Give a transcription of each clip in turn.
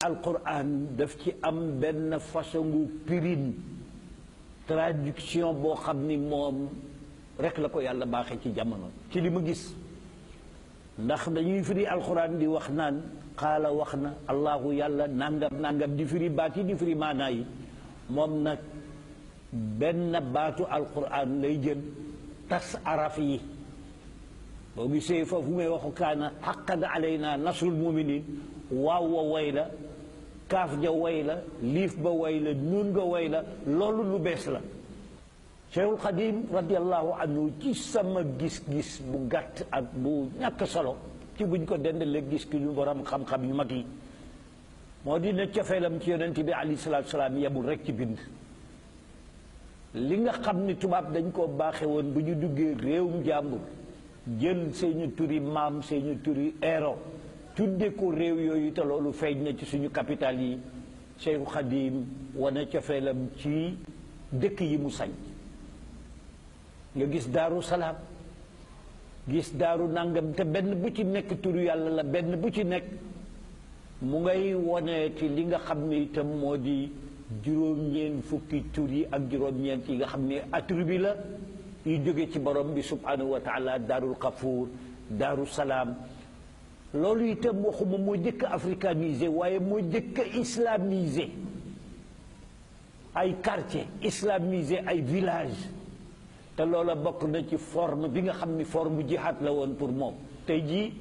alquran def ci am benn façon pirin traduction boo xam ni moom rek la ko yàlla baaxee ci jamono ci li ma gis ndax dañuy firi alquran di wax naan xaala wax na allahu yàlla nangam nangam di firi baat yi di firi maanaa yi moom nag benn baatu alquran lay jël tas araf yi boo gisee foofu may waxu kaana xaqan alayna nasrul muminin waaw wa way la kaaf ja woy la liif ba way la ñun nga way la loolu lu bees la cheikhul xadim radiallahu anhu ci sama gis-gis bu gàtt ak bu ñàkk solo ci buñ ko dendalee gis ki ñu borom xam-xam yu mag yi moo di ne cofeelam ci yonent bi alayhi salaatu salaam yebul rekk ci bind li nga xam ni tubaab dañ koo baaxe woon bu ñu duggee réewum jàmbur jël seeni turi maam seenu turi eero tudde ko réew yooyu te loolu feeñ na ci suñu capital yi Cheikhu Xadim wane cofeelam ci dëkk yi mu sañ nga gis daaru salaam gis daaru nàngam te benn bu ci nekk turu yàlla la benn bu ci nekk mu ngay wone ci li nga xam ni itam moo di juróom-ñeent fukki tur yi ak juróom-ñeent yi nga xam ni attribut la yu jóge ci borom bi subhanahu wa taala daarul Kaffour daaru salaam loolu itam waxuma moo jëkk africanisé waaye moo jëkk islamisé ay quartier islamisé ay village te loola bokk na ci forme bi nga xam ni forme jihad la woon pour moom tey jii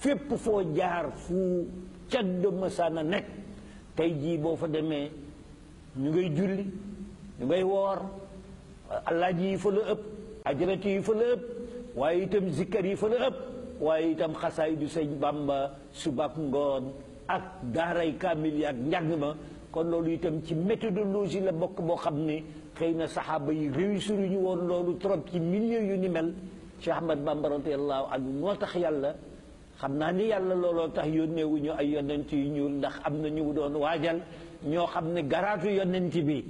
fépp foo jaar fu caddo masaana nekk tey jii boo fa demee ñu ngay julli ñu ngay woor Allah ji fa la ëpp ajrati fa la ëpp waaye itam zikkar yi fa la ëpp waaye itam xasaay du sëñ subak ngoon ak daaray kamil yi ak njàng ma kon loolu itam ci méthodologie la bokk boo xam ne xëy na saxaaba yi ñu woon loolu trop ci milieu yu ni mel ci ahmad bamba radiallahu anhu moo tax yàlla xam naa ni yàlla looloo tax yónneewu ñu ay yonent yi ñu ndax am na ñu doon waajal ñoo xam ne garaatu bi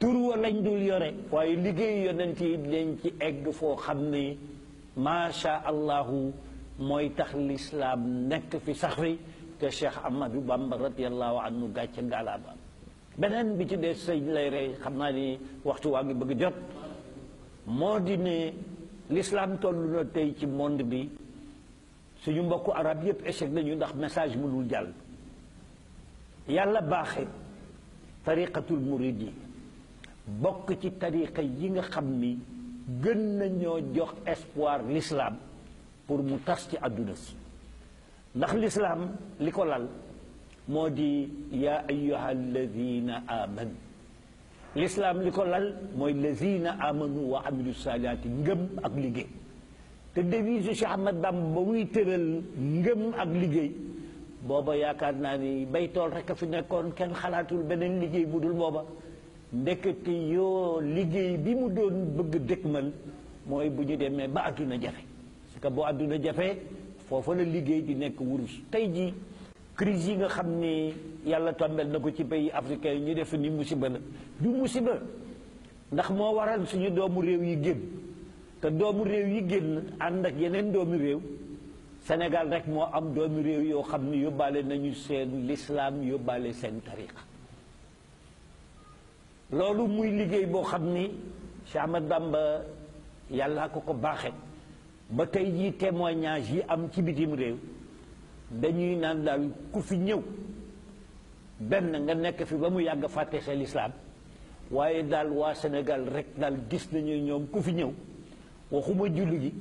tur wa lañ dul yore waaye liggéey yonent yi ci egg foo xam ni maasha allahu mooy tax lislaam nekk fi sax fi te Cheikh Ahmadou Bamba radiallahu anhu gàcce ngaalaama beneen bi ci des sëñ lay rey xam naa ni waxtu waa ngi bëgg jot moo di ne lislaam toll na tey ci mond bi suñu mbokku arab yépp échec nañu ndax message mënul jàll yàlla baaxe tariqatul murid bokk ci tariqa yi nga xam ni gën nañoo jox espoir l'islam pour mu tas ci àdduna si ndax l'islam li ko lal moo di yaa ayyuha alladina amanu l'islam li ko lal mooy lazina amanu wa amilu saalihaati ngëm ak liggéey te devise Cheikh Ahmad Bamba ba muy tëral ngëm ak liggéey booba yaakaar naa ni bay tool rek a fi nekkoon kenn xalaatul beneen liggéey bu dul booba ndekete yoo liggéey bi mu doon bëgg dëkkmal mooy bu ñu demee ba àdduna jafe parce que boo àdduna jafe foofa la liggéey di nekk wurus tey ji crise yi nga xam ni yàlla tombel na ko ci bay africain yi ñu def ni musiba la du musiba ndax moo waral suñu doomu réew yi génn te doomu réew yi génn ànd ak yeneen doomu réew senegal rek moo am doomu réew yoo xam ni yóbbaale nañu seen lislaam yóbbaale seen tariqa loolu muy liggéey boo xam ni Cheikh Ahmad Bamba yàlla ko ko baaxe ba tey jii témoignage yi am ci bitim réew dañuy naan daal ku fi ñëw benn nga nekk fi ba mu yàgg fàtte sa lislaam waaye daal waa Sénégal rek daal gis nañu ñoom ku fi ñëw waxuma julli gi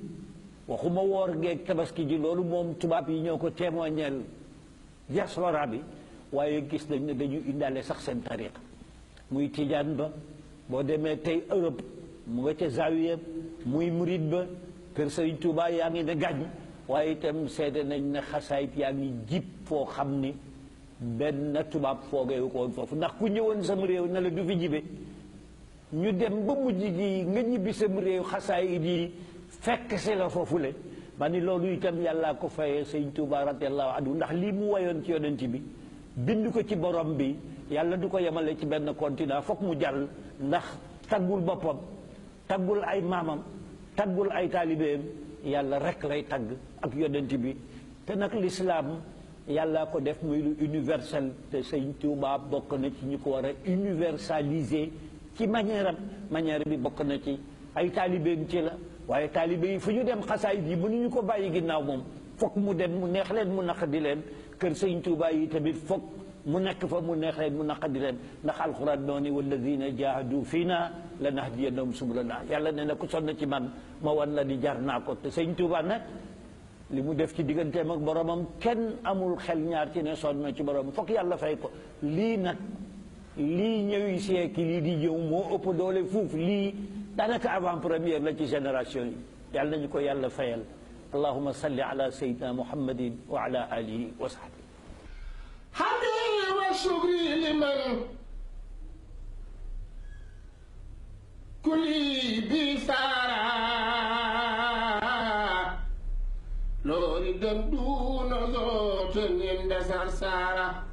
waxuma woor geeg tabaski ji loolu moom tubaab yi ñoo ko témoignel diaspora bi waaye gis nañ ne dañuy indaale sax seen tariqa muy tijaan ba boo demee tey Europe mu nga ca zawiya muy murit ba kër Sëriñ Tuubaa yaa ngi ne gàññ waaye itam sedd nañ ne xasaayit yaa ngi jib foo xam ni benn tubaab foogee ko foofu ndax ku ñëwoon sama réew ne la du fi jibe ñu dem ba mujj gi nga ñibbi sama réew xasaayit yi fekk si la foofu le ma ni loolu itam yàllaa ko fayee Sëriñ Tuubaa radiyallaahu anhu ndax lii mu wayoon ci yonent bi bind ko ci borom bi yàlla du ko yemale ci benn continent foog mu jàll ndax taggul boppam taggul ay maamam taggul ay taalibeem yàlla rek lay tàgg ak yonent bi te nag lislaam yàlla ko def muy lu universel te sëñ Tuubaa bokk na ci ñu ko war a universaliser ci manière am manière bi bokk na ci ay taalibeem ci la waaye taalibe yi fu ñu dem xasaayit yi mënuñu ko bàyyi ginnaaw moom foog mu dem mu neex leen mu naq di leen كر سينتو بايت بفق منكف منخ منقدر نخ القران نوني والذين جاهدوا فينا لنهدينهم سبلنا يلا نانا كوسون تي ما وان لا دي جارنا كو نك لي مو ديف تي ديغنتي مك بروم كين امول خيل نيار تي ني سون تي بروم فك يلا فاي كو دي يوم مو اوب دولي لي دانك افان بروميير لا تي يلا نكو يلا فايل اللهم صل على سيدنا محمد وعلى آله وصحبه حبي وشكري لمن كلي بسارة لون دم دون ذوت من دسر ساره